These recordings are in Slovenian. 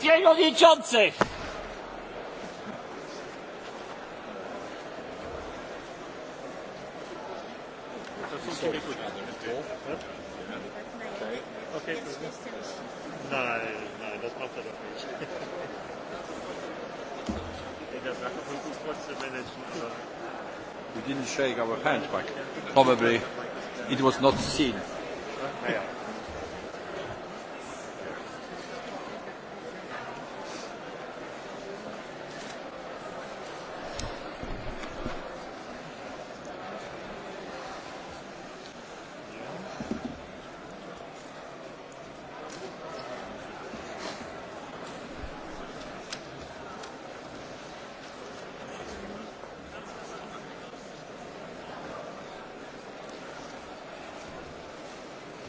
Panowie Przewodniczący! We didn't shake our hands, but probably it was not seen.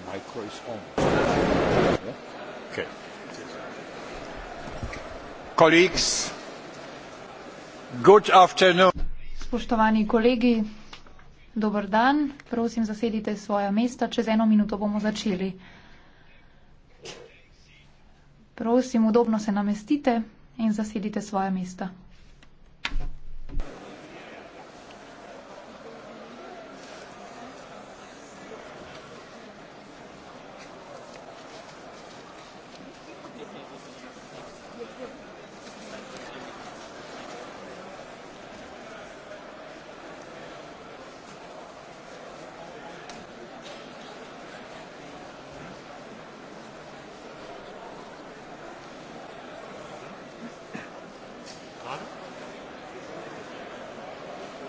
micro is on. Yeah? Okay. Colleagues, good afternoon. Spoštovani kolegi, dober dan. Prosim, zasedite svoja mesta. Čez eno minuto bomo začeli. Prosim, udobno se namestite in zasedite svoja mesta.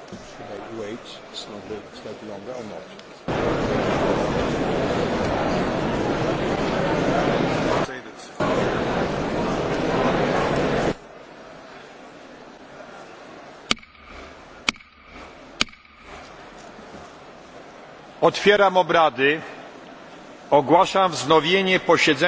Today he waits, it's not a slightly longer or not. Otwieram obrady. Ogłaszam wznowienie posiedzenia.